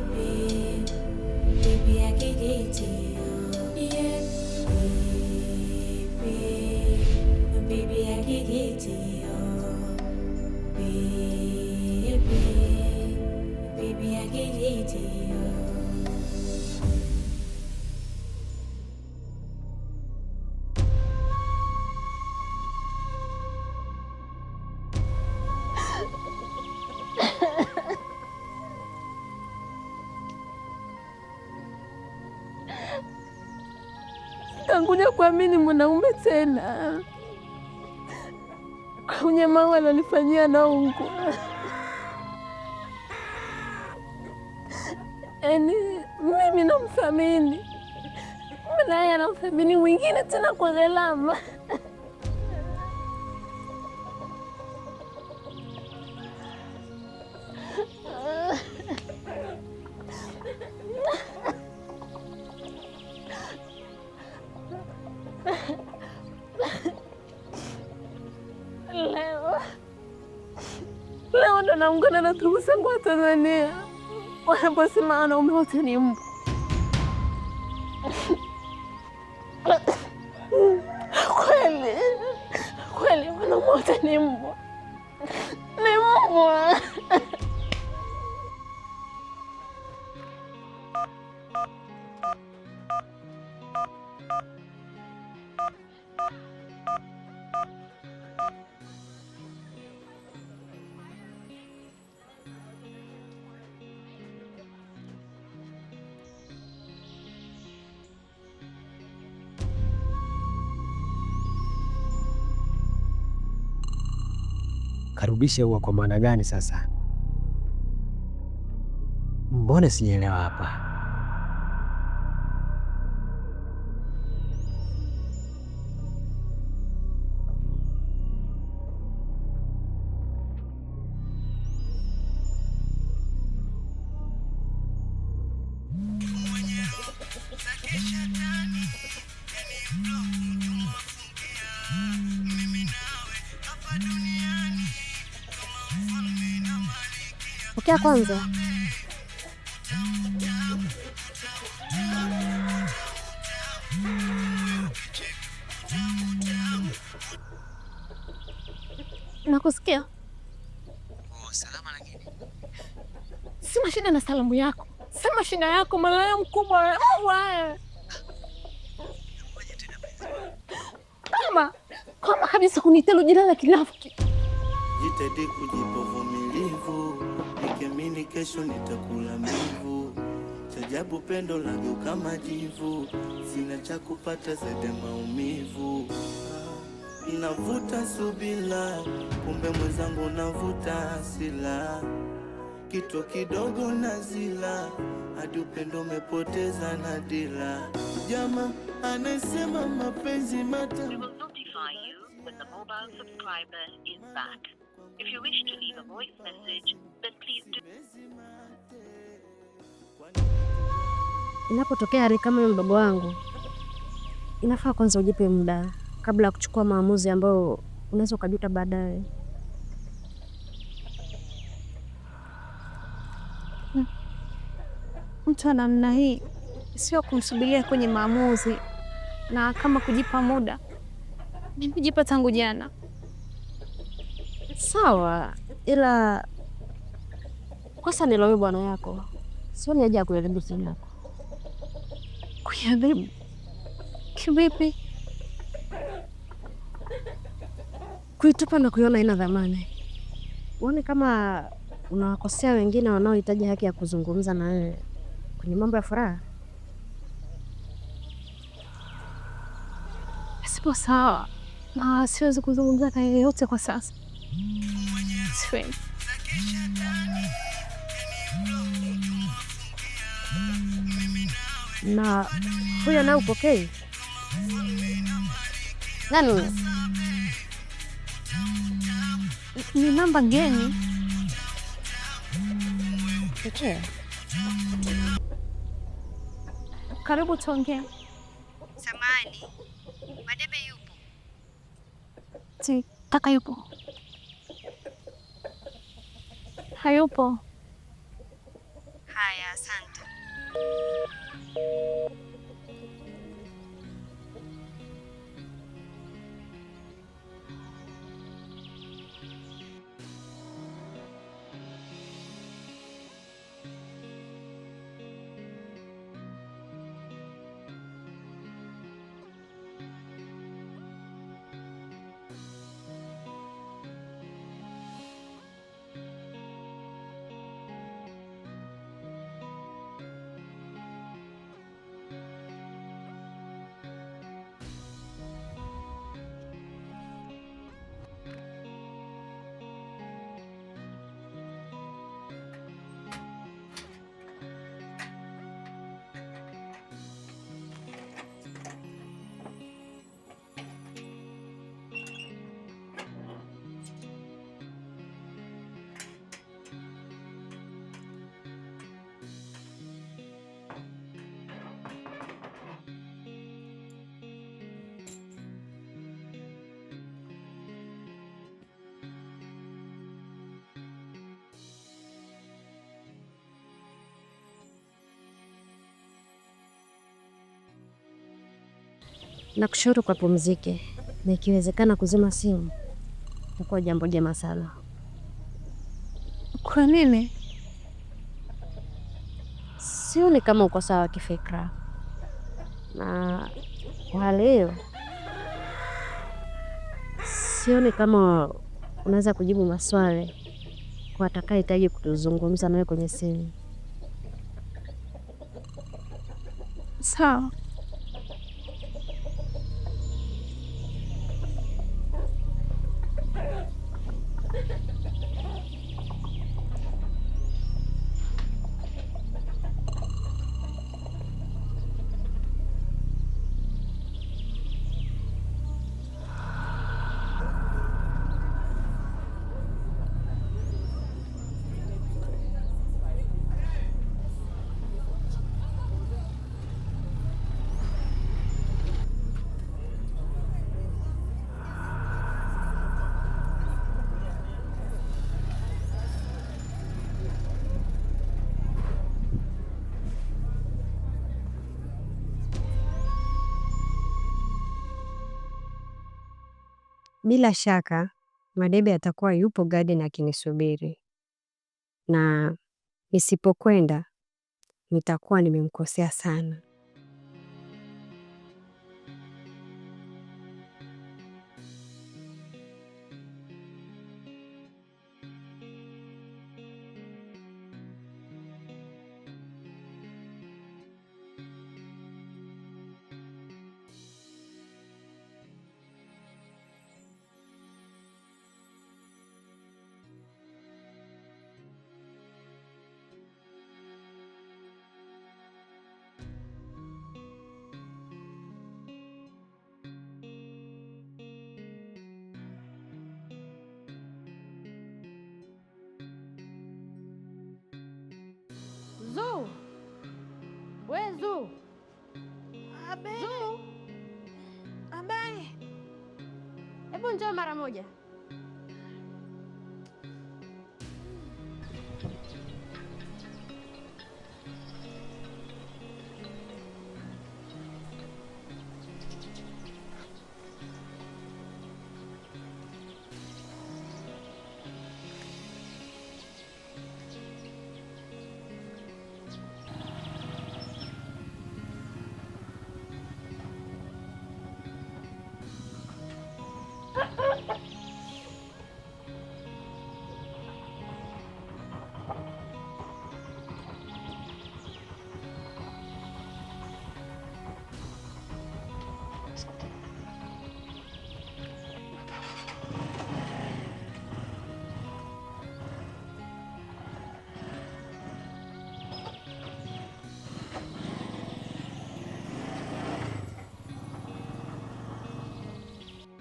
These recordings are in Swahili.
baby, baby, I can get you. baby, baby, I can get you. Baby, baby, I can get you. kuja kuamini mwanaume tena kwa unyama alolifanyia Naungwa. Yaani mimi namthamini, naye anamthamini mwingine tena kwa gharama ndugu zangu wa Tanzania wanaposema wanaume wote ni mbu, kweli kweli, wanaume wote ni mbu. karudishe ua kwa maana gani sasa? Mbona sijaelewa hapa? Sikia kwanza, nakusikia. Oh, salama lakini sina shida na salamu yako, sema shida yako malaya mkubwa waya kama kama kabisa kunitelo jina la kilafiki jitahidi kujipovumia nini kesho nitakula mivu, chajabu pendo langu kama jivu, sina cha kupata zaidi maumivu. Navuta subila, kumbe mwenzangu navuta asila kito kidogo na zila, hadi upendo umepoteza na dila. Jama anasema mapenzi back. If you wish to leave a voice message, then please do. Inapotokea hali kama hiyo, mdogo wangu, inafaa kwanza ujipe muda kabla ya kuchukua maamuzi ambayo unaweza ukajuta baadaye. Hmm. Mtu wa namna hii sio kumsubiria kwenye maamuzi na kama kujipa muda, nimejipa tangu jana. Sawa, ila kwasa nilowe bwana yako, sioni haja ya kuharibu simu yako. Kuiharibu kivipi? Kuitupa na kuiona ina dhamani, uone kama unawakosea wengine wanaohitaji haki ya kuzungumza na wewe kwenye mambo ya furaha. Sipo sawa na siwezi kuzungumza na yeyote kwa sasa screen. Na huyo na upokei nani Ni namba ngeni Okay. Karibu tuongee. Samani, Madebe yupo? Si kaka yupo Hayupo. Haya, asante. Nakushauri pumzike, na ikiwezekana kuzima simu nakuwa jambo jema sana. Kwa nini? Sioni kama uko sawa kifikra, na kwa hali hiyo sioni kama unaweza kujibu maswali kwa atakayehitaji kutuzungumza nawe kwenye simu. Sawa. Bila shaka Madebe atakuwa yupo garden akinisubiri na nisipokwenda nitakuwa nimemkosea sana. Zuu, Abel, Abel, hebu njoo mara moja.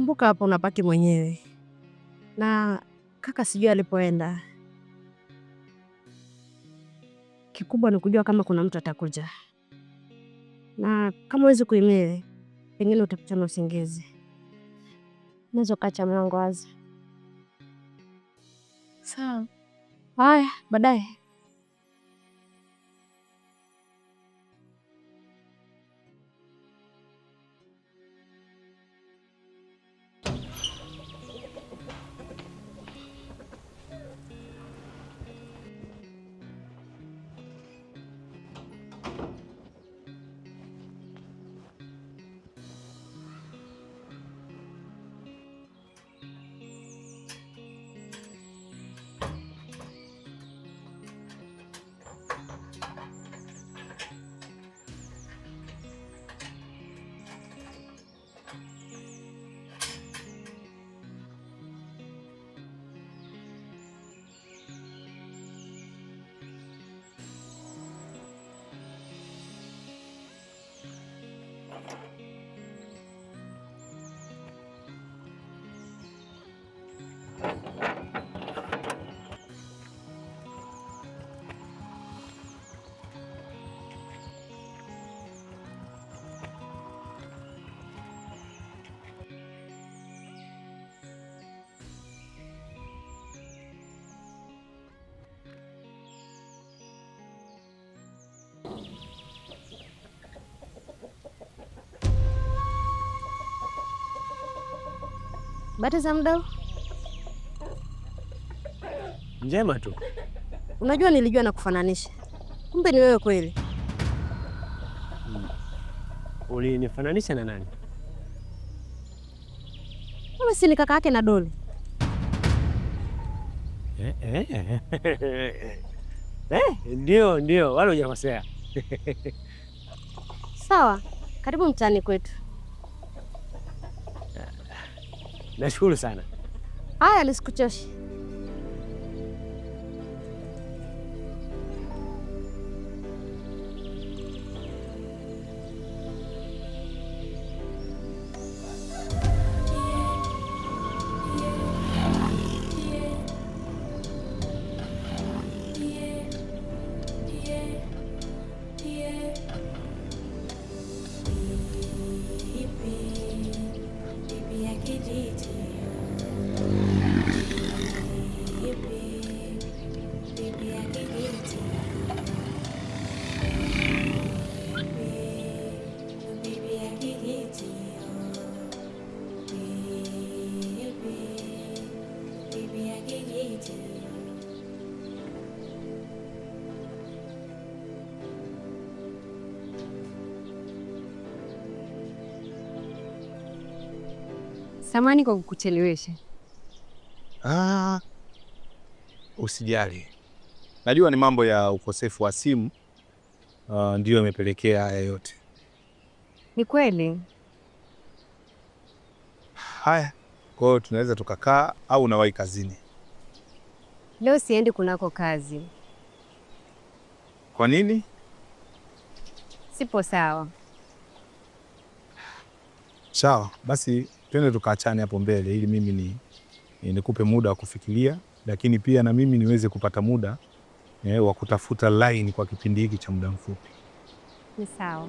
nakumbuka hapo unabaki mwenyewe. Na kaka sijui alipoenda. Kikubwa ni kujua kama kuna mtu atakuja, na kama wezi kuimili, pengine utapita na usingizi. Unaweza ukacha mlango wazi. Sawa. Haya, baadaye. Habari za mdau? Njema tu. Unajua, nilijua na kufananisha, kumbe ni wewe kweli. Hmm. Ulinifananisha na nani? Wewe si ni kaka yake na Doli? Eh, eh, eh. eh, ndio ndio, wala hujakosea. Sawa, karibu mtaani kwetu. Nashukuru sana. Haya, lisikuchoshi. Samani kwa kukuchelewesha. Ah, usijali, najua ni mambo ya ukosefu wa simu uh, ndiyo imepelekea haya yote. Ni kweli. Haya, kwa hiyo tunaweza tukakaa au unawahi kazini? Leo siendi kunako kazi. Kwa nini? Sipo sawa. Sawa basi twende tukaachane hapo mbele, ili mimi ni, ni, nikupe muda wa kufikiria, lakini pia na mimi niweze kupata muda eh, wa kutafuta line kwa kipindi hiki cha muda mfupi. Ni sawa.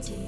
City.